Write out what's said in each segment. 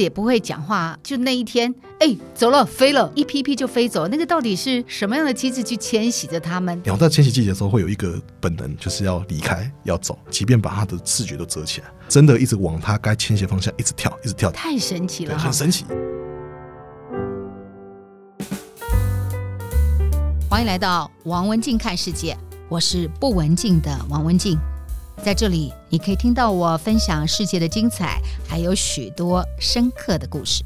也不會講話，就那一天，哎、欸，走了，飛了，一批批就飛走了。那個到底是什麼樣的機制去遷徙着他們？鳥在遷徙季節的時候會有一個本能，就是要離開，要走，即便把他的視覺都遮起來，真的一直往他該遷徙的方向一直跳，一直跳，太神奇了，很神奇。歡迎來到王文靜看世界，我是不文靜的王文靜。在這裡，你可以聽到我分享世界的精彩，還有許多深刻的故事。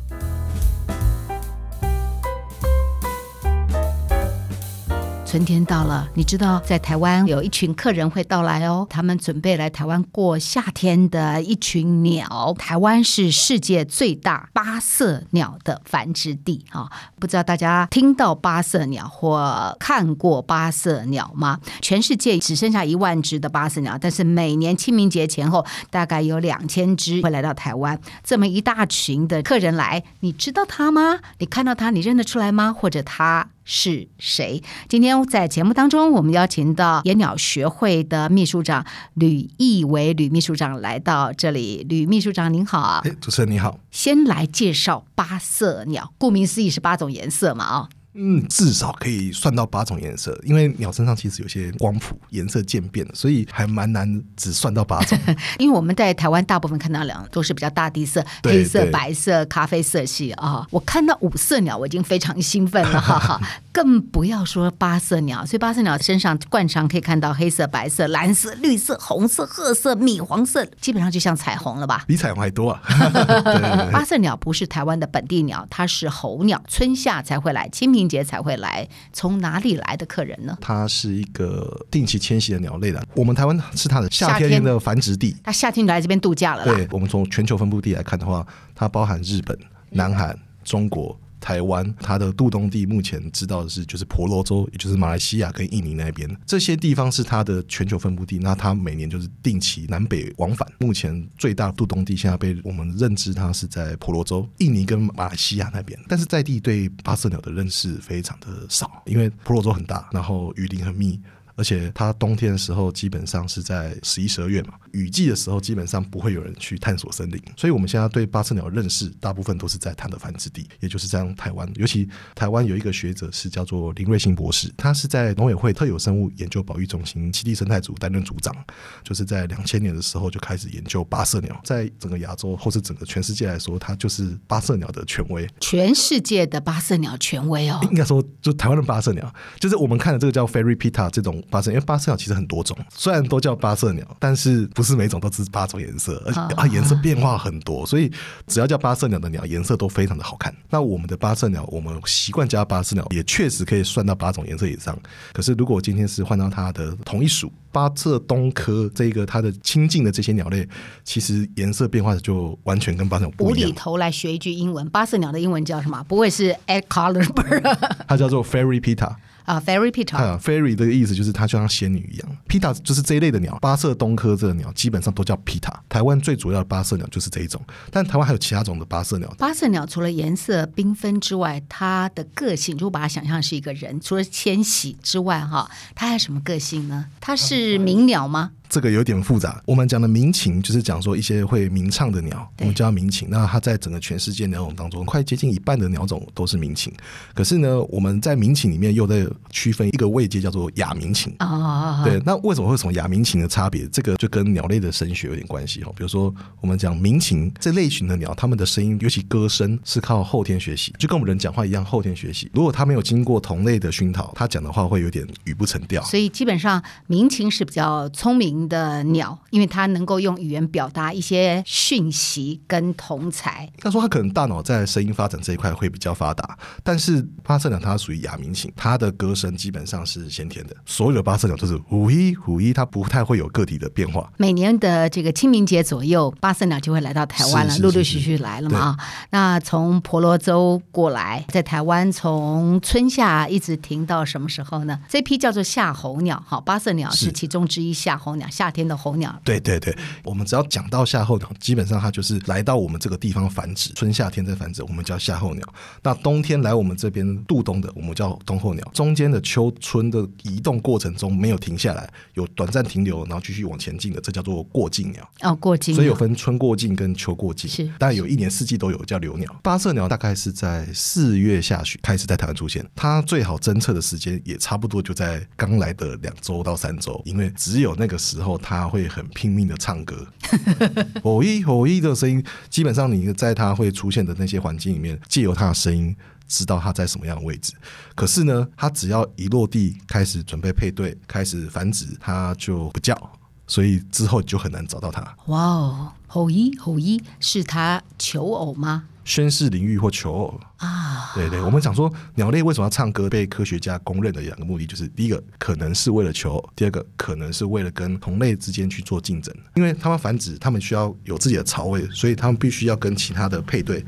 春天到了，你知道在台灣有一群客人會到來哦。他們準備來台灣過夏天的一群鳥。台灣是世界最大八色鳥的繁殖地啊。哦。不知道大家聽到八色鳥或看過八色鳥嗎？全世界只剩下一萬只的八色鳥，但是每年清明節前後，大概有兩千只會來到台灣。這麼一大群的客人來，你知道它嗎？你看到它，你認得出來嗎？或者它？是誰？今天在節目當中，我們邀請到野鳥學會的秘書長呂翊維呂秘書長來到這裡。呂秘書長您好啊！哎，主持人你好。先來介紹八色鳥，顧名思義是八種顏色嘛啊。嗯，至少可以算到八種顏色，因為鳥身上其實有些光譜顏色漸變的，所以還蠻難只算到八種。 因為我們在台灣大部分看到鳥都是比較大地色、黑色、白色、咖啡色系啊、哦。我看到五色鳥我已經非常興奮了，哈哈，更不要說八色鳥。所以八色鳥身上慣常可以看到黑色、白色、藍色、綠色、紅色、褐色、米黃色、色，基本上就像彩虹了吧？比彩虹還多啊！ 對 八色鳥不是台灣的本地鳥，它是候鳥，春夏才會來，清明節才會來，從哪裡來的客人呢？它是一個定期遷徙的鳥類的，我們台灣是它的夏天的繁殖地，它夏天，他夏天來這邊度假了。對我們從全球分布地來看的話，它包含日本、南韓、嗯、中國。台灣它的渡冬地目前知道的是，就是婆羅洲，也就是馬來西亞跟印尼那邊，這些地方是它的全球分布地。那它每年就是定期南北往返。目前最大渡冬地現在被我們認知，它是在婆羅洲、印尼跟馬來西亞那邊，但是在地對八色鳥的認識非常的少，因為婆羅洲很大，然後雨林很密，而且它冬天的時候基本上是在十一、十二月嘛，雨季的時候基本上不會有人去探索森林，所以我們現在對八色鳥的認識，大部分都是在它的繁殖地，也就是在台灣。尤其台灣有一個學者是叫做林瑞興博士，他是在農委會特有生物研究保育中心棲地生態組擔任組長，就是在兩千年的時候就開始研究八色鳥，在整個亞洲或是整個全世界來說，他就是八色鳥的權威。全世界的八色鳥權威哦，應該說就台灣的八色鳥，就是我們看的這個叫 Fairy Pitta 這種。八色，因為八色鳥其實很多種，雖然都叫八色鳥，但是不是每種都是八種顏色，oh, 而且它顏色變化很多，所以只要叫八色鳥的鳥，顏色都非常的好看。那我們的八色鳥，我們習慣叫八色鳥，也確實可以算到八種顏色以上。可是如果今天是換到它的同一屬——八色鶇科，這個它的親近的這些鳥類，其實顏色變化就完全跟八種不一樣。無厘頭來學一句英文，八色鳥的英文叫什麼？不會是 Eight Color Bird 它叫做 Fairy Pitta。Uh, Fairy 啊，Fairy Pitta 啊 Fairy 的意思就是它就像仙女一樣，Pitta 就是這一類的鳥，八色鶇科這個鳥基本上都叫 Pitta 台灣最主要的八色鳥就是這一種，但台灣還有其他種的八色鳥。八色鳥除了顏色繽紛之外，它的個性，如果把它想象是一個人。除了遷徙之外，哈，它還有什麼個性呢？它是鳴鳥嗎？這個有點複雜。我們講的鳴禽，就是講說一些會鳴唱的鳥，我們叫它鳴禽。那它在整個全世界的鳥種當中，快接近一半的鳥種都是鳴禽。可是呢，我們在鳴禽裡面又在區分一個位階叫做亞鳴禽。Oh, oh, oh, oh. 對，那為什麼會從亞鳴禽的差別？這個就跟鳥類的聲學有點關係哦。比如說，我們講鳴禽這類型的鳥，它們的聲音，尤其歌聲，是靠後天學習，就跟我們人講話一樣，後天學習。如果它沒有經過同類的熏陶，它講的話會有點語不成調。所以基本上鳴禽是比較聰明的鳥，因為它能夠用語言表達一些訊息跟同才。他說他可能大腦在聲音發展這一塊會比較發達，但是八色鳥它屬於亞鳴型，它的歌聲基本上是先天的。所有的八色鳥都是五一五一，它不太會有個體的變化。每年的這個清明節左右，八色鳥就會來到台灣了，陸陸續續續來了嘛。那從婆羅洲過來，在台灣從春夏一直停到什麼時候呢？這批叫做夏候鳥，哈，八色鳥是其中之一夏候，夏候鳥。夏天的候鳥，對對對，我們只要講到夏候鳥，基本上它就是來到我們這個地方繁殖，春夏天在繁殖，我們叫夏候鳥。那冬天來我們這邊度冬的，我們叫冬候鳥。中間的秋春的移動過程中沒有停下來，有短暫停留，然後繼續往前進的，這叫做過境鳥。哦，過境，所以有分春過境跟秋過境，是。但有一年四季都有叫留鳥。八色鳥大概是在四月下旬開始在台灣出現，它最好偵測的時間也差不多就在剛來的兩週到三週，因為只有那個時。之後他會很拼命的唱歌，吼、 哦、一吼、哦、一的聲音，基本上你在他會出現的那些環境裡面，借由他的聲音知道他在什麼樣的位置。可是呢，他只要一落地開始準備配對、開始繁殖，他就不叫，所以之後你就很難找到他。哇、Wow，哦一，吼、哦、一吼一是他求偶嗎？宣示領域或求偶啊。對對，我們講說鳥類為什麼要唱歌，被科學家公認的兩個目的就是：第一個可能是為了求，第二個可能是為了跟同類之間去做競爭。因為他們繁殖，他們需要有自己的巢位，所以他們必須要跟其他的配對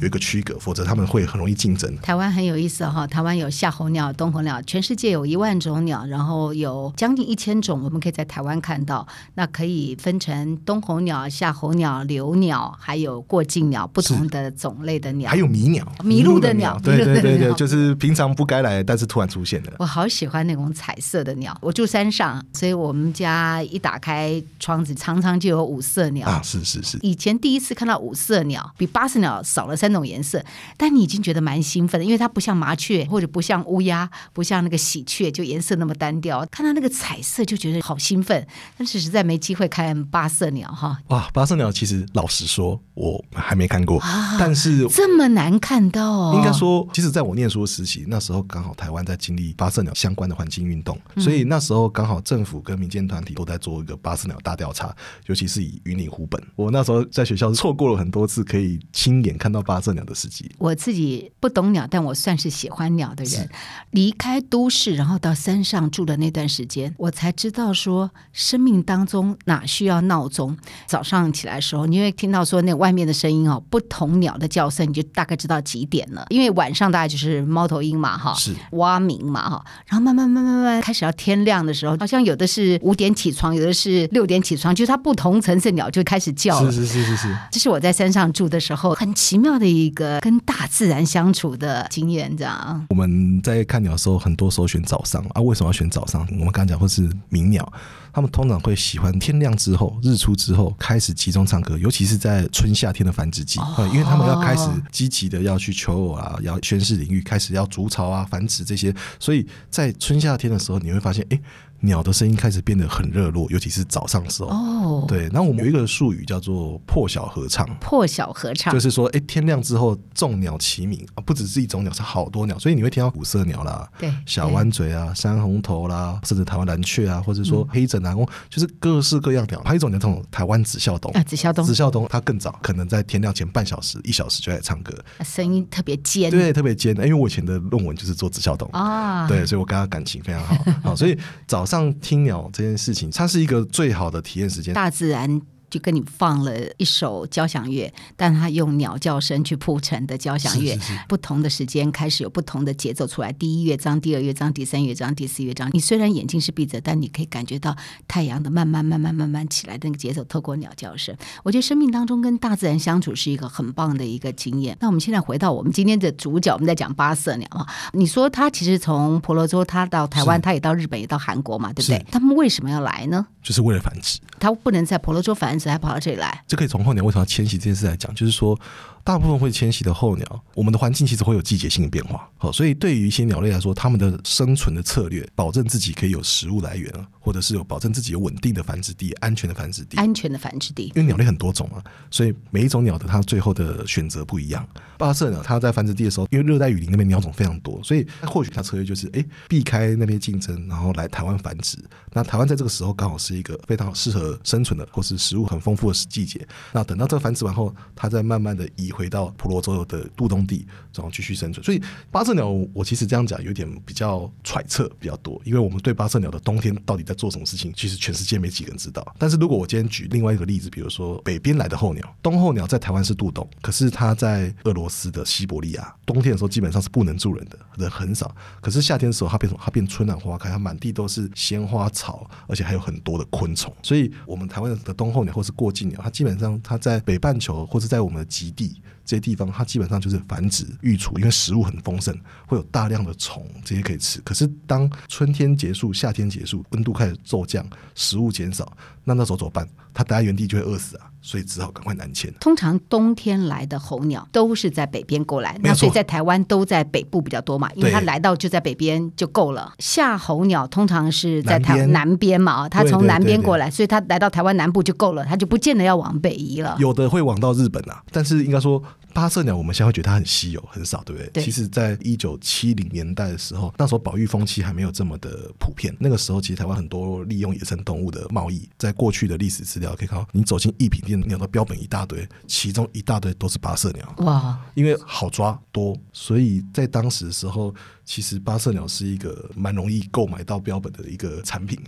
有一個區隔，否則他們會很容易競爭。台灣很有意思哈、哦，台灣有夏候鳥、冬候鳥，全世界有一萬種鳥，然後有將近一千種我們可以在台灣看到。那可以分成冬候鳥、夏候鳥、留鳥，還有過境鳥，不同的種類的鳥，還有迷鳥、迷路的。鳥對對對對，就是平常不該來，但是突然出現的。我好喜歡那種彩色的鳥。我住山上，所以我們家一打開窗子，常常就有五色鳥啊！是是是。以前第一次看到五色鳥，比八色鳥少了三種顏色，但你已經覺得蠻興奮的，因為它不像麻雀，或者不像烏鴉，不像那個喜鵲，就顏色那麼單調。看到那個彩色就覺得好興奮，但是實在沒機會看八色鳥哈。哇，八色鳥其實老實說，我還沒看過。啊、但是這麼難看到、哦。啊應該說，其實在我念書實習那時候，剛好台灣在經歷八色鳥相關的環境運動，所以那時候剛好政府跟民間團體都在做一個八色鳥大調查，尤其是以雲林湖本。我那時候在學校錯過了很多次可以親眼看到八色鳥的時機。我自己不懂鳥，但我算是喜歡鳥的人。離開都市，然後到山上住的那段時間，我才知道說，生命當中哪需要鬧鐘？早上起來的時候，你會聽到說那外面的聲音哦，不同鳥的叫聲，你就大概知道幾點了。因為晚上大概就是貓頭鷹嘛，哈，是蛙鳴嘛，哈，然後慢慢慢慢慢慢開始要天亮的時候，好像有的是五點起床，有的是六點起床，就是它不同層次鳥就開始叫了。是是是是是，這是我在山上住的時候很奇妙的一個跟大自然相處的經驗，這樣。我們在看鳥的時候，很多時候選早上啊，為什麼要選早上？我們剛才講，或是鳴鳥，他們通常會喜歡天亮之後，日出之後開始集中唱歌，尤其是在春夏天的繁殖季，啊、哦嗯，因為他們要開始積極的要去求偶啊。啊，要宣示領域，開始要築巢啊，繁殖這些，所以在春夏天的時候，你會發現，哎、欸。鳥的聲音開始變得很熱絡，尤其是早上的時候。哦，對，那我們有一個術語叫做“破曉合唱”，破曉合唱就是說，哎、欸，天亮之後眾鳥齊鳴啊，不只是一種鳥，是好多鳥，所以你會聽到五色鳥啦，對，小彎嘴啊，山紅頭啦，甚至台灣藍鵲啊，或者說黑枕啊、嗯，就是各式各樣鳥。還有一種這種台灣紫嘯、啊、鶇。紫嘯鸫，紫嘯鶇它更早，可能在天亮前半小時、一小時就在唱歌，聲、啊、音特別尖，對，特別尖、欸。因為我以前的論文就是做紫嘯鶇。啊，對，所以我跟他感情非常好 好，所以早上。上聽鳥這件事情，它是一個最好的體驗時間。大自然。就跟你放了一首交響樂，但他用鳥叫聲去鋪成的交響樂，是是是不同的時間開始有不同的節奏出來。第一樂章、第二樂章、第三樂章、第四樂章。你雖然眼睛是閉着，但你可以感覺到太陽的慢慢、慢慢、慢慢起來的那個節奏，透過鳥叫聲。我覺得生命當中跟大自然相處是一個很棒的一個經驗。那我們現在回到我們今天的主角，我們在講八色鳥啊。你說它其實從婆羅洲它到台灣，它也到日本，也到韓國嘛，對不對？他們為什麼要來呢？就是為了繁殖。它不能在婆羅洲繁殖。才跑到這裡來，這可以從候鳥為什麼要遷徙這件事來講，就是說。大部分會遷徙的候鳥，我們的環境其實會有季節性的變化，好、哦，所以對於一些鳥類來說，它們的生存的策略，保證自己可以有食物來源，或者是有保證自己有穩定的繁殖地、安全的繁殖地、安全的繁殖地。因為鳥類很多種啊，所以每一種鳥的它最後的選擇不一樣。八色鳥它在繁殖地的時候，因為熱帶雨林那邊鳥種非常多，所以它或許它策略就是哎避開那邊競爭，然後來台灣繁殖。那台灣在這個時候剛好是一個非常適合生存的，或是食物很豐富的季節。那等到這個繁殖完後，它再慢慢的移。回到婆羅洲的渡冬地，然後繼續生存。所以八色鳥，我其實這樣講有點比較揣測比較多，因為我們對八色鳥的冬天到底在做什麼事情，其實全世界沒幾個人知道。但是如果我今天舉另外一個例子，比如說北邊來的候鳥，冬候鳥在台灣是渡冬，可是它在俄羅斯的西伯利亞，冬天的時候基本上是不能住人的，人很少。可是夏天的時候，它變成它變春暖花開，它滿地都是鮮花草，而且還有很多的昆蟲。所以我們台灣的冬候鳥或是過境鳥，它基本上它在北半球或是在我們的極地。這些地方，它基本上就是繁殖、育雛，因為食物很豐盛，會有大量的蟲這些可以吃。可是，當春天結束、夏天結束，溫度開始驟降，食物減少，那那時候怎麼辦？它待在原地就會餓死啊，所以只好趕快南遷啊。通常冬天來的候鳥都是在北邊過來，那所以在台灣都在北部比較多嘛，因為它來到就在北邊就夠了。夏候鳥通常是在台，南邊，南邊嘛，它從南邊過來，對對對對對，所以它來到台灣南部就夠了，它就不見得要往北移了。有的會往到日本啊，但是應該說。八色鳥，我們現在會覺得它很稀有、很少，對不對？對，其實，在一九七零年代的時候，那時候保育風氣還沒有這麼的普遍。那個時候，其實台灣很多利用野生動物的貿易。在過去的歷史資料可以看到，你走進藝品店，鳥的標本一大堆，其中一大堆都是八色鳥。哇！因為好抓多，所以在當時的時候。其實八色鳥是一個蠻容易購買到標本的一個產品，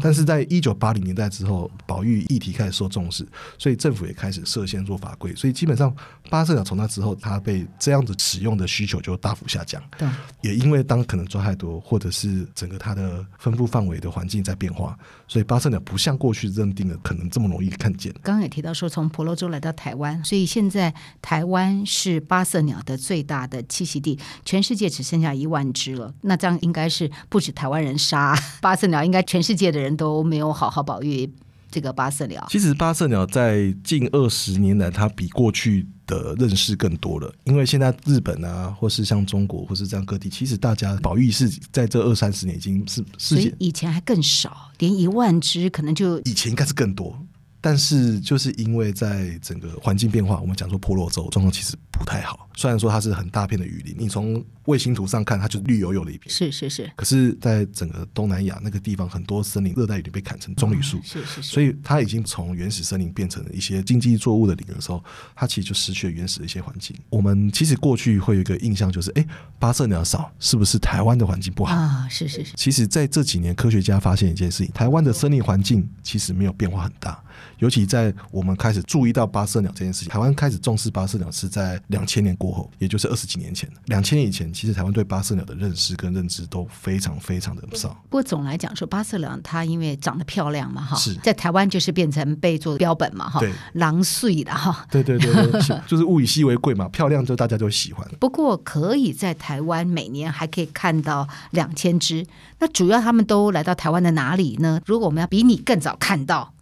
但是在一九八零年代之後，保育議題開始受重視，所以政府也開始設限做法規，所以基本上八色鳥從那之後，它被這樣子使用的需求就大幅下降。對，也因為當可能抓太多，或者是整個它的分布範圍的環境在變化，所以八色鳥不像過去認定的可能這麼容易看見。剛也提到說，從婆羅洲來到台灣，所以現在台灣是八色鳥的最大的棲息地，全世界只剩下一萬。萬隻了，那這樣應該是不止台灣人殺八色鳥，應該全世界的人都沒有好好保育這個八色鳥。其實八色鳥在近二十年來，它比過去的認識更多了，因為現在日本啊，或是像中國，或是這樣各地，其實大家保育是在這二三十年已經是，所以以前還更少，連一萬隻可能就以前應該是更多。但是，就是因為在整個環境變化，我們講說婆羅洲狀況其實不太好。雖然說它是很大片的雨林，你從衛星圖上看，它就綠油油的一片。是是是。可是，在整個東南亞那個地方，很多森林熱帶雨林被砍成棕櫚樹。是是是。所以，它已經從原始森林變成了一些經濟作物的林的時候，它其實就失去了原始的一些環境。我們其實過去會有一個印象，就是哎，八色鳥少，是不是台灣的環境不好啊？是是是。其實，在這幾年，科學家發現一件事情：台灣的森林環境其實沒有變化很大。尤其在我們開始注意到八色鳥這件事情，台灣開始重視八色鳥是在兩千年過後，也就是二十幾年前。兩千年以前，其實台灣對八色鳥的認識跟認知都非常非常的少。嗯、不過總來講說，八色鳥它因為長得漂亮嘛，哈，在台灣就是變成被做標本嘛，哈，狼碎的哈。對對對對， 就是物以稀為貴嘛，漂亮就大家都喜歡。不過可以在台灣每年還可以看到兩千隻，那主要他們都來到台灣的哪裡呢？如果我們要比你更早看到。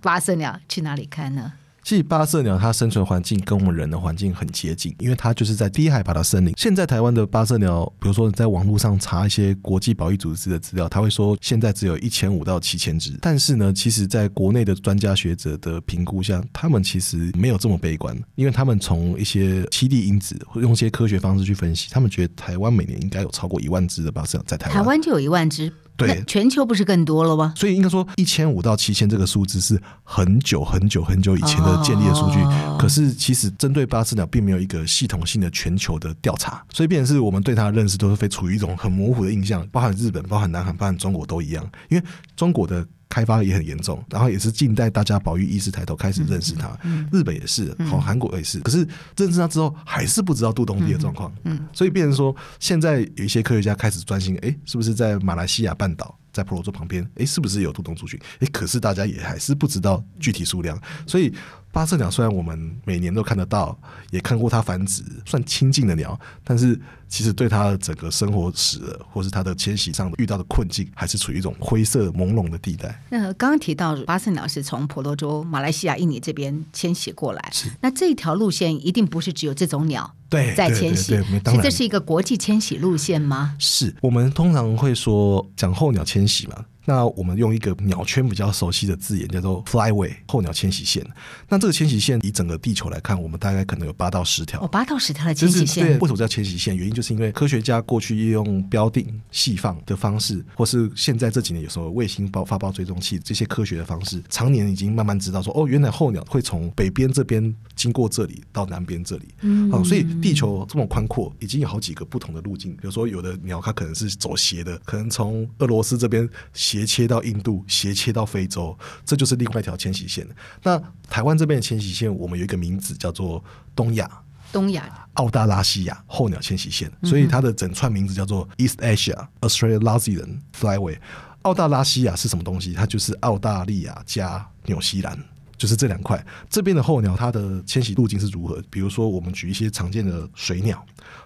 八 色鳥去哪裡看呢？其實八色鳥它生存環境跟我們人的環境很接近，因為它就是在低海拔的森林。現在台灣的八色鳥，比如說你在網絡上查一些國際保育組織的資料，他會說，現在只有一千五到七千只。但是呢，其實在國內的專家學者的評估下，他們其實沒有這麼悲觀，因為他們從一些棲地因子，或用一些科學方式去分析，他們覺得台灣每年應該有超過一萬只的八色鳥在台灣。台灣就有一萬只。對，全球不是更多了嗎？所以應該說一千五到七千這個數字是很久很久很久以前的建立的數據。哦、可是其實針對八色鳥，並沒有一個系統性的全球的調查，所以變成是我們對它的認識都是非處於一種很模糊的印象，包含日本、包含南韓、包含中國都一樣，因為中國的，開發也很嚴重，然後也是近代大家保育意識抬頭，開始認識它、嗯嗯。日本也是，好、嗯、韓國也是。可是認識它之後，還是不知道渡冬地的狀況、嗯嗯。所以變成說，現在有一些科學家開始專心，誒、欸，是不是在馬來西亞半島，在婆羅洲旁邊，誒、欸，是不是有渡冬族群？誒、欸，可是大家也還是不知道具體數量，所以。八色鳥雖然我們每年都看得到，也看過它繁殖，算親近的鳥，但是其實對它的整個生活史，或是它的遷徙上遇到的困境，還是處於一種灰色朦朧的地帶。那剛剛提到八色鳥是從婆羅洲、馬來西亞、印尼這邊遷徙過來，是那這條路線一定不是只有這種鳥在遷徙，對對對對沒其實這是一個國際遷徙路線嗎？是我們通常會說講候鳥遷徙嘛。那我們用一個鳥圈比較熟悉的字眼，叫做 “Flyway” 候鳥遷徙線。那這個遷徙線以整個地球來看，我們大概可能有八到十條。哦，八到十條的遷徙線，為什麼叫遷徙線？原因就是因為科學家過去用標定、細放的方式，或是現在這幾年有時候衛星包、發包追蹤器這些科學的方式，常年已經慢慢知道說，哦，原來候鳥會從北邊這邊經過這裡到南邊這裡嗯。嗯，所以地球這麼寬闊，已經有好幾個不同的路徑。比如說，有的鳥它可能是走斜的，可能從俄羅斯這邊。斜切到印度，斜切到非洲，這就是另外一條遷徙線。那台灣這邊的遷徙線，我們有一個名字叫做東亞，東亞，澳大拉西亞候鳥遷徙線。所以它的整串名字叫做 East Asia Australasian Flyway。澳大拉西亞是什麼東西？它就是澳大利亞加紐西蘭，就是這兩塊。這邊的候鳥，它的遷徙路徑是如何？比如說，我們舉一些常見的水鳥，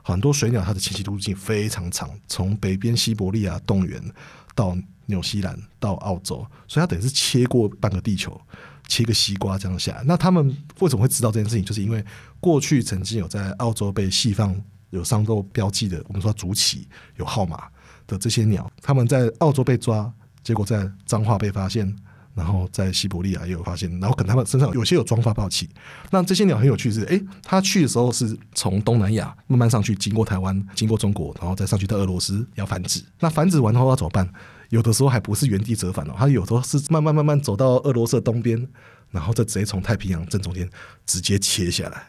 很多水鳥它的遷徙路徑非常長，從北邊西伯利亞凍原到紐西蘭，到澳洲，所以他等於是切過半個地球，切個西瓜這樣下來。那他們為什麼會知道這件事情？就是因為過去曾經有在澳洲被西方有上過標記的，我們說主起有號碼的這些鳥，他們在澳洲被抓，結果在彰化被發現。然後在西伯利亞也有發現，然後可能他們身上有些有裝發泡器。那這些鳥很有趣是，是哎，它去的時候是從東南亞慢慢上去，經過台灣，經過中國，然後再上去到俄羅斯要繁殖。那繁殖完後要怎麼辦？有的時候還不是原地折返哦，它有的時候是慢慢慢慢走到俄羅斯的東邊，然後再直接從太平洋正中間直接切下來，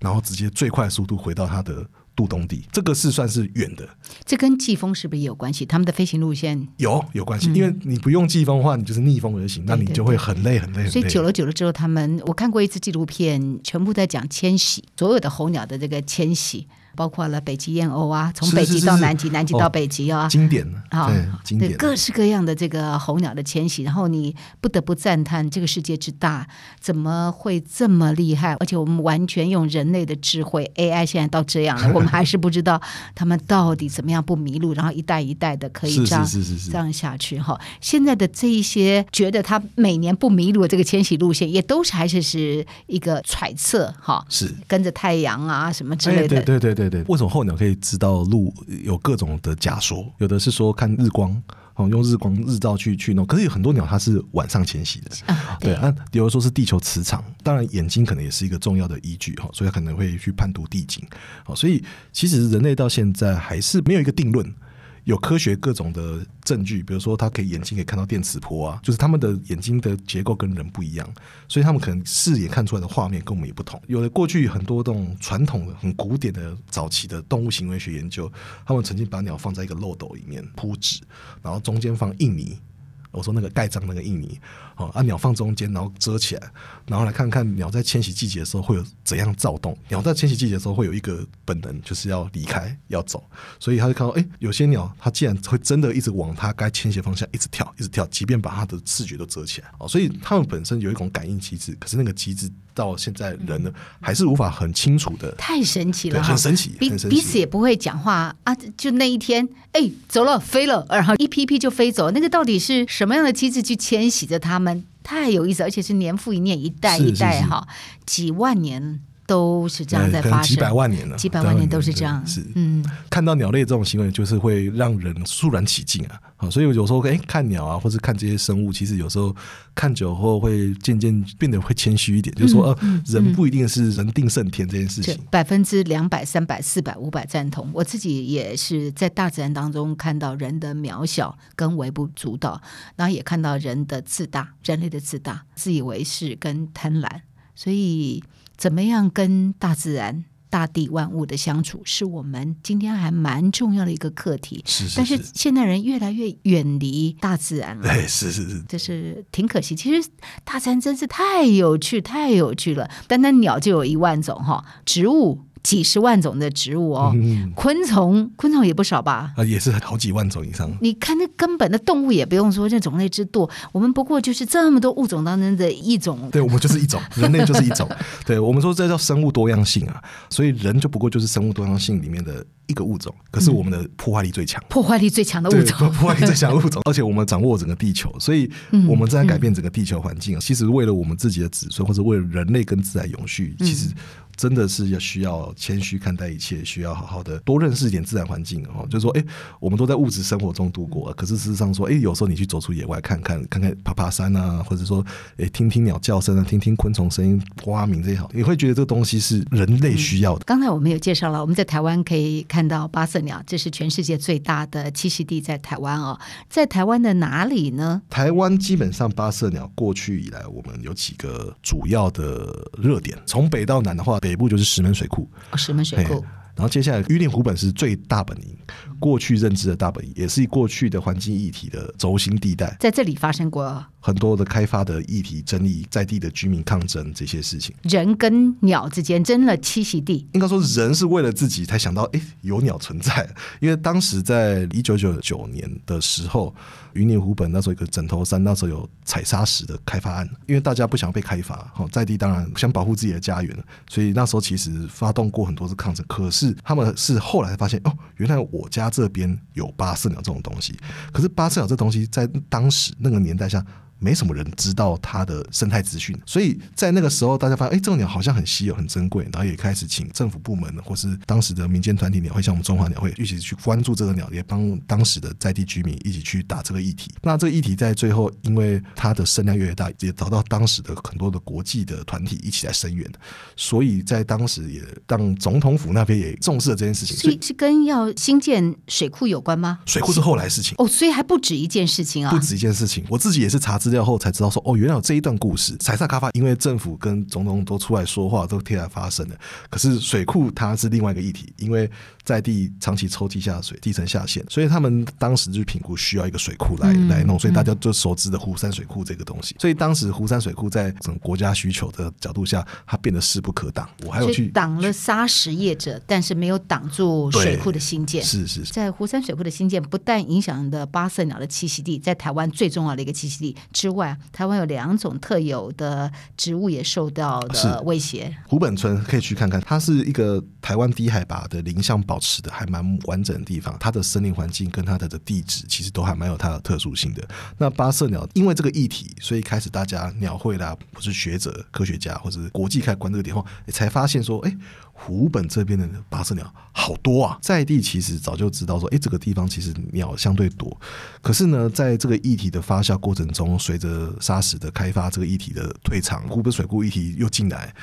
然後直接最快速度回到它的。度冬地，這個是算是遠的。這跟季風是不是也有關係？他們的飛行路線有有關係、嗯，因為你不用季風的話，你就是逆風而行，對對對，那你就會很累很累，很累。所以久了久了之後，他們我看過一次紀錄片，全部在講遷徙，所有的候鳥的這個遷徙。包括了北極燕鷗啊，從北極到南極，是是是是南極到北極啊，哦、經典的啊、哦，對，對經典各式各樣的這個候鳥的遷徙，然後你不得不讚嘆這個世界之大，怎麼會這麼厲害？而且我們完全用人類的智慧，AI 現在到這樣了， 我們還是不知道他們到底怎麼樣不迷路，然後一代一代的可以這樣這樣下去哈、哦。現在的這一些覺得他每年不迷路的這個遷徙路線，也都是還是是一個揣測哈、哦，是跟着太陽啊什麼之類的，對對對對。對對，為什麼候鳥可以知道路？有各種的假說，有的是說看日光，用日光日照去去弄。可是有很多鳥它是晚上遷徙的，啊對，對啊，比如說是地球磁場，當然眼睛可能也是一個重要的依據哈，所以可能會去判讀地景。好，所以其實人類到現在還是沒有一個定論。有科學各種的證據，比如說，他可以眼睛可以看到電磁波啊，就是他們的眼睛的結構跟人不一樣，所以他們可能視野看出來的畫面跟我們也不同。有了過去很多這種傳統的、很古典的早期的動物行為學研究，他們曾經把鳥放在一個漏斗裡面鋪紙，然後中間放印泥，我說那個蓋章那個印泥。哦，啊，鳥放中間，然後遮起來，然後來看看鳥在遷徙季節的時候會有怎樣躁動。鳥在遷徙季節的時候會有一個本能，就是要離開，要走。所以他就看到，哎，有些鳥，它竟然會真的一直往它該遷徙的方向一直跳，一直跳，即便把它的視覺都遮起來。哦，所以它們本身有一種感應機制，可是那個機制到現在人呢還是無法很清楚的。太神奇了啊，很神奇，很神奇，彼此也不會講話啊。就那一天，哎，走了，飛了，然後一批批就飛走。那個到底是什麼樣的機制去遷徙着它們？太有意思，而且是年復一年、一代是是是一代哈，幾萬年。都是這樣在發生，幾百萬年了，幾百萬年都是這樣。是，嗯，看到鳥類這種行為，就是會讓人肅然起敬啊！所以我有時候，哎，看鳥啊，或是看這些生物，其實有時候看久後會漸漸變得會謙虛一點，嗯嗯嗯、就是說、呃，人不一定是人定勝天這件事情。百分之兩百、三百、嗯、、四百、嗯、、五百贊同。我自己也是在大自然當中看到人的渺小跟微不足道，然後也看到人的自大，人類的自大、自以為是跟貪婪，所以。怎麼樣跟大自然、大地萬物的相處，是我們今天還蠻重要的一個課題。是，是，是。但是現代人越來越遠離大自然了。是是是。就是挺可惜。其實大自然真是太有趣、太有趣了。單單鳥就有一萬種哈，植物。幾十萬種的植物哦，嗯、昆蟲昆蟲也不少吧？啊、呃，也是好幾萬種以上。你看那根本的動物也不用說，那種類之多，我們不過就是這麼多物種當中的一種。對，我們就是一種， 人類就是一種。對，我們說這叫生物多樣性啊，所以人就不過就是生物多樣性裡面的一個物種。可是我們的破壞力最強，嗯、破壞力最強的物種，破壞力最強的物種， 而且我們掌握整個地球，所以我們正在改變整個地球環境。嗯嗯、其實為了我們自己的子孫，或者為了人類跟自然永續，嗯、其實。真的是要需要謙虛看待一切，需要好好的多認識一點自然環境哦。就是說，哎、欸，我們都在物質生活中度過，嗯，可是事實上說，哎、欸，有時候你去走出野外看看，看看爬爬山啊，或者說，哎、欸，聽聽鳥叫聲啊，聽聽昆蟲聲音、蛙鳴這些，你會覺得這個東西是人類需要的。剛、嗯、才我們有介紹了，我們在台灣可以看到八色鳥，這是全世界最大的棲息地在台灣哦。在台灣的哪裡呢？台灣基本上八色鳥過去以來，我們有幾個主要的熱點，從北到南的話，北部就是石門水庫，哦、石門水庫。然後接下來，雲林湖本是最大本營，過去認知的大本營，也是過去的環境議題的軸心地帶。在這裡發生過很多的開發的議題爭議，在地的居民抗爭這些事情。人跟鳥之間爭了棲息地，應該說人是為了自己才想到，哎，有鳥存在。因為當時在一九九九年的時候，雲林湖本那時候一個枕頭山，那時候有採砂石的開發案，因為大家不想被開發，好、哦、在地當然想保護自己的家園，所以那時候其實發動過很多次抗爭科，可是。是，他們是後來發現哦，原來我家這邊有八色鳥這種東西。可是八色鳥這東西在當時那個年代下，沒什麼人知道它的生態資訊，所以在那個時候，大家發現，哎、欸，這種鳥好像很稀有、很珍貴，然後也開始請政府部門或是當時的民間團體鳥會，像我們中華鳥會一起去關注這個鳥，也幫當時的在地居民一起去打這個議題。那這個議題在最後，因為它的聲量越來越大，也找到當時的很多的國際的團體一起來聲援，所以在當時也讓總統府那邊也重視了這件事情。所以所以是跟要興建水庫有關嗎？水庫是後來事情。哦，所以還不止一件事情啊，不止一件事情。我自己也是查資。然後才知道說哦，原來有這一段故事。採砂開發，因為政府跟總統都出來說話，都替牠發聲了。可是水庫它是另外一個議題，因為在地長期抽地下水，地層下陷，所以他們當時就評估需要一個水庫來、嗯、來弄。所以大家就熟知的湖山水庫這個東西。所以當時湖山水庫在整個國家需求的角度下，它變得勢不可擋。我還有去，去擋了砂石業者，但是沒有擋住水庫的興建。是，是在湖山水庫的興建不但影響的八色鳥的棲息地，在台灣最重要的一個棲息地，之外，台灣有兩種特有的植物也受到的威脅。湖本村可以去看看，它是一個台灣低海拔的林相保持的還蠻完整的地方，它的森林環境跟它的地質其實都還蠻有它的特殊性的。那八色鳥因為這個議題，所以開始大家鳥會啦，或是學者、科學家，或是國際開始關注這個點後，才發現說，哎、欸。湖本這邊的八色鳥好多啊，在地其實早就知道說，哎、欸，這個地方其實鳥相對多，可是呢，在這個議題的發酵過程中，隨着砂石的開發，這個議題的退場，湖本水庫議題又進來。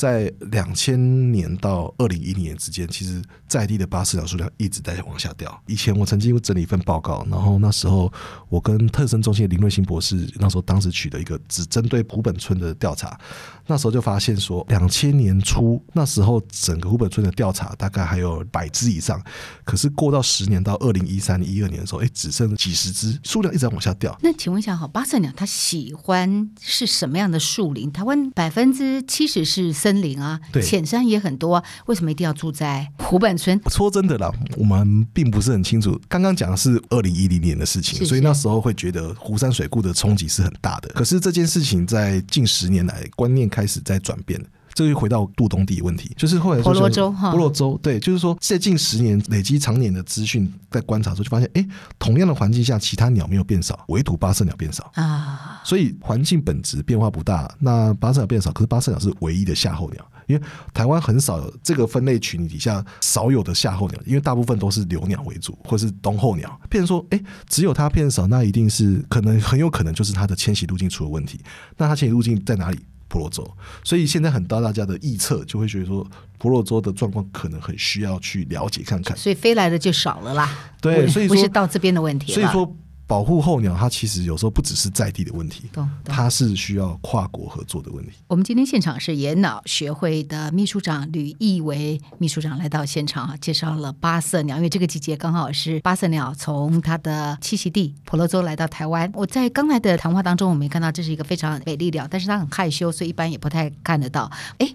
在兩千年到二零一零年之間，其實在地的八色鳥數量一直在往下掉。以前我曾經整理一份報告，然後那時候我跟特生中心的林瑞興博士，那時候當時取得一個只針對湖本村的調查，那時候就發現說，兩千年初那時候整個湖本村的調查大概還有百隻以上，可是過到十年到二零一三一二年的時候，哎，只剩幾十隻，數量一直在往下掉。那請問一下，哈，八色鳥它喜歡是什麼樣的樹林？台灣百分之七十是森森林啊，對，淺山也很多啊。為什麼一定要住在湖本村？說真的啦，我們並不是很清楚。剛剛講的是二零一零年的事情，所以那時候會覺得湖山水庫的衝擊是很大的。可是這件事情在近十年來，觀念開始在轉變。這個又回到渡冬地問題，就是後來婆羅洲，婆羅洲，對，就是說在近十年累積長年的資訊，在觀察之後就發現，哎，同樣的環境下，其他鳥沒有變少，唯獨八色鳥變少啊。所以環境本質變化不大，那八色鳥變少，可是八色鳥是唯一的夏候鳥，因為台灣很少有這個分類群底下少有的夏候鳥，因為大部分都是留鳥為主，或是冬候鳥。變成說，哎，只有它變少，那一定是可能很有可能就是它的遷徙路徑出了問題。那它遷徙路徑在哪裡？婆羅洲，所以現在很大，大家的預測就會覺得說，婆羅洲的狀況可能很需要去了解看看，所以飛來的就少了啦。對，所以不是到這邊的問題了。所以說保護候鳥，它其實有時候不只是在地的問題，它是需要跨國合作的問題。我們今天現場是野鳥學會的秘書長呂翊維秘書長來到現場啊，介紹了八色鳥，因為這個季節剛好是八色鳥從它的棲息地婆羅洲來到台灣。我在剛才的談話當中，我沒看到這是一個非常美麗的鳥，但是它很害羞，所以一般也不太看得到。哎。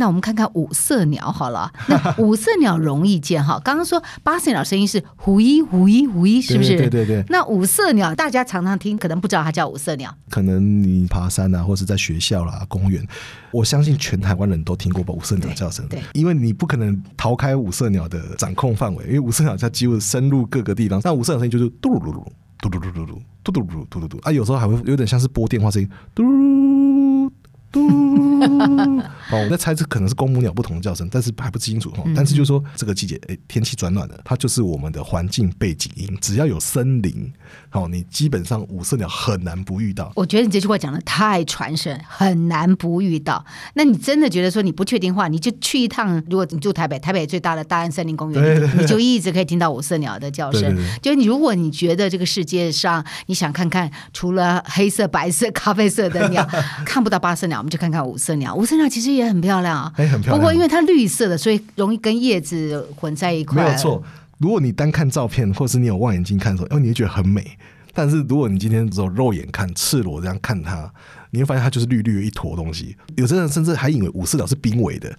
那我們看看五色鳥好了，那五色鳥容易見哈。 剛剛說八色鳥的聲音是“呼一呼一呼一”，是不是？對對對，對，對。那五色鳥大家常常聽，可能不知道它叫五色鳥。可能你爬山啊，或者在學校啦、啊、公園，我相信全台灣人都聽過吧五色鳥叫聲。對，對，因為你不可能逃開五色鳥的掌控範圍，因為五色鳥它幾乎深入各個地方。那五色鳥聲音就是嘟“嘟嚕嘟嘟嘟嘟嘟嘟嘟嘟嘟”，啊，有時候還會有點像是撥電話聲音，“嘟”。嗯，好、 哦，我在猜測可能是公母鳥不同的叫聲，但是還不清楚哈、哦嗯。但是就是說這個季節，哎、欸，天氣轉暖了，它就是我們的環境背景音。只要有森林，好、哦，你基本上五色鳥很難不遇到。我覺得你這句話講的太傳神，很難不遇到。那你真的覺得說你不確定的話，你就去一趟。如果你住台北，台北最大的大安森林公園，對對對，你就一直可以聽到五色鳥的叫聲。對對對對，就你如果你覺得這個世界上你想看看除了黑色、白色、咖啡色的鳥， 看不到八色鳥。我們就看看五色鳥，五色鳥其實也很漂亮啊、欸，很漂亮。不過因為它綠色的，所以容易跟葉子混在一塊。沒有錯，如果你單看照片，或者是你有望遠鏡看的時候，你會覺得很美。但是如果你今天只有肉眼看、赤裸這樣看它，你會發現它就是綠綠一坨東西。有些人甚至還以為五色鳥是瀕危的，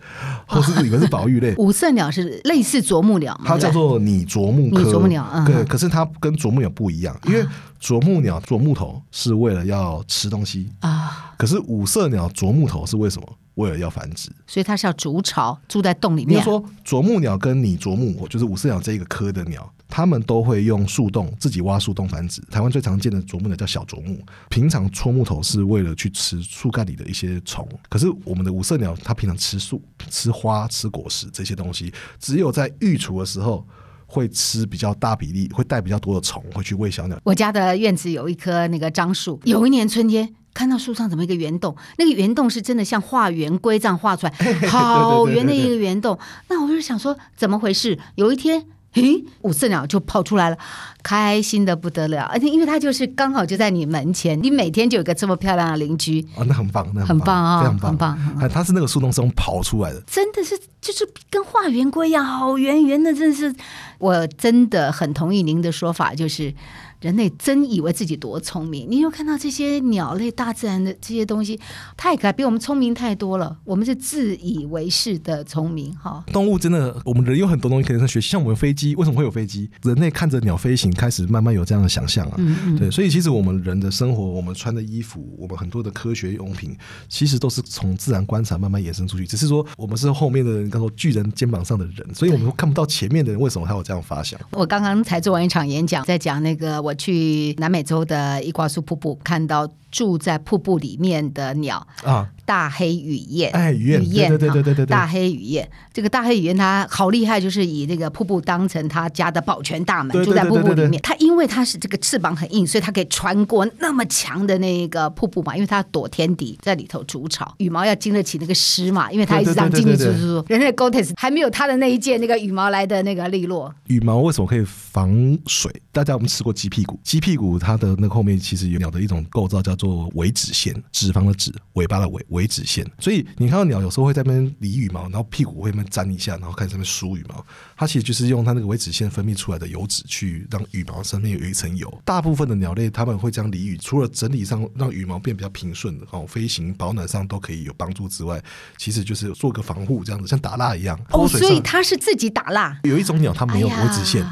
或是以為是保育類、啊呵呵。五色鳥是類似啄木鳥，它叫做擬啄木科擬啄木鳥、嗯。對，可是它跟啄木鳥不一樣，嗯、因為啄木鳥啄木頭是為了要吃東西啊、嗯。可是五色鳥啄木頭是為什麼？為了要繁殖，所以它是要築巢，住在洞裡面。你說啄木鳥跟擬啄木，就是五色鳥這一個科的鳥。他們都會用樹洞，自己挖樹洞繁殖。台灣最常見的啄木鳥叫小啄木，平常戳木頭是為了去吃樹幹裡的一些蟲。可是我們的五色鳥，它平常吃樹、吃花、吃果實這些東西，只有在育雛的時候，會吃比較大比例，會帶比較多的蟲，會去餵小鳥。我家的院子有一棵那個樟樹，有一年春天看到樹上怎麼一個圓洞，那個圓洞是真的像畫圓規這樣畫出來，好圓的一個圓洞。那我就想說怎麼回事？有一天。嘿五色鳥就跑出來了，開心的不得了。而且因為它就是剛好就在你門前，你每天就有一個這麼漂亮的鄰居啊、哦，那很棒，那很棒，很棒，、哦棒，很棒。它、嗯、它是那個樹洞中跑出來的，真的是就是跟畫圓規一樣，好圓圓的，真的是我真的很同意您的說法，就是。人類真以為自己多聰明？你有看到這些鳥類、大自然的這些東西，太可愛，比我們聰明太多了。我們是自以為是的聰明，哈。動物真的，我們人有很多東西可以學習。像我們飛機，為什麼會有飛機？人類看着鳥飛行，開始慢慢有這樣的想象啊嗯嗯。對，所以其實我們人的生活，我們穿的衣服，我們很多的科學用品，其實都是從自然觀察慢慢延伸出去。只是說，我們是後面的人，剛說巨人肩膀上的人，所以我們看不到前面的人為什麼他有這樣發想。我剛剛才做完一場演講，在講那個我。去南美洲的伊瓜蘇瀑布，看到，住在瀑布裡面的鳥啊，大黑雨燕，大黑雨燕，對對對對對，對大黑雨燕，這個大黑雨燕它好厲害，就是以那個瀑布當成它家的保全大門，對對對對對對對對住在瀑布裡面對對對對對對。它因為它是這個翅膀很硬，所以它可以穿過那麼強的那個瀑布嘛。因為它躲天敵，在裡頭築巢，羽毛要經得起那個濕嘛。因為它一直這樣進進出出，人類 Gore-Tex 還沒有它的那一件那個羽毛來的那個利落。羽毛為什麼可以防水？大家我們吃過雞屁股，雞屁股它的那個後面其實有鳥的一種構造叫。做尾脂腺，脂肪的脂，尾巴的尾，尾脂腺。所以你看到鳥有時候會在那邊理羽毛，然後屁股會在那邊粘一下，然後開始在那邊梳羽毛。它其實就是用它那個尾脂腺分泌出來的油脂，去讓羽毛上面有一層油。大部分的鳥類它們會這樣理羽，除了整體上讓羽毛變比較平順的，然、哦、後飛行保暖上都可以有幫助之外，其實就是做個防護，這樣子像打蠟一樣。哦，所以它是自己打蠟。有一種鳥它沒有尾脂腺，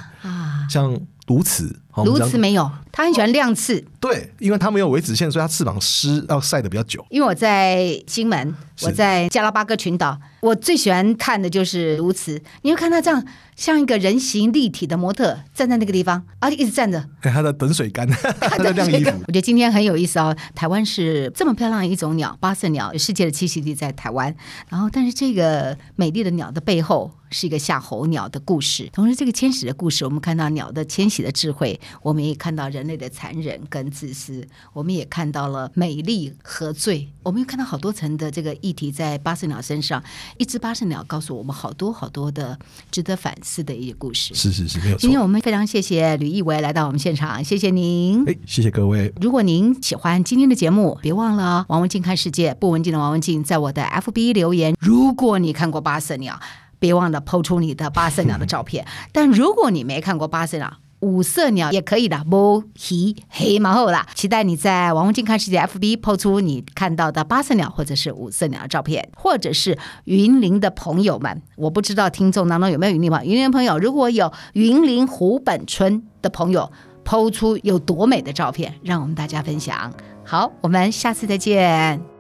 像鸕鶿。鸕、哦、鶿沒有，它、哦、很喜歡晾翅，對，因為它沒有尾脂腺，所以它翅膀濕要曬得比較久。因為我在金門，我在加拉巴哥群島，我最喜歡看的就是鸬鹚。你會看到這樣，像一個人形立體的模特站在那個地方，啊，就一直站着、哎。他在等水乾，他在晾 衣服。我覺得今天很有意思哦。台灣是這麼漂亮的一種鳥，八色鳥，有世界的棲息地在台灣。然後，但是這個美麗的鳥的背後是一個夏候鳥的故事，同時這個遷徙的故事，我們看到鳥的遷徙的智慧。我們也看到人類的殘忍跟自私，我們也看到了美麗和罪，我們又看到好多層的這個議題在八色鳥身上。一只八色鳥告訴我們好多好多的值得反思的一些故事。是是是沒有？今天我們非常謝謝呂翊維來到我們現場，謝謝您。誒、哎，謝謝各位。如果您喜歡今天的節目，別忘了王文靜看世界，不文靜的王文靜，在我的 FB 留言。如果你看過八色鳥，別忘了拋出你的八色鳥的照片。 但如果你沒看過八色鳥，五色鳥也可以的，毛黑黑毛後啦。期待你在王文靜看世界 FB 拋出你看到的八色鳥或者是五色鳥的照片，或者是雲林的朋友們，我不知道聽眾當中有沒有雲林嗎？雲林朋友，雲林朋友，如果有雲林湖本村的朋友拋出有多美的照片，讓我們大家分享。好，我們下次再見。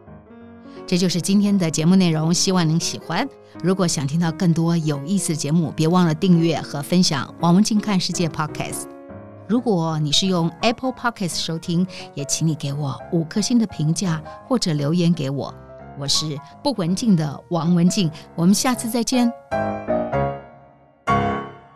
這就是今天的節目內容，希望您喜歡。如果想聽到更多有意思的節目，別忘了訂閱和分享《王文靜看世界》Podcast。如果你是用 Apple Podcast 收聽，也請你給我五顆星的評價或者留言給我。我是不文靜的王文靜，我們下次再見。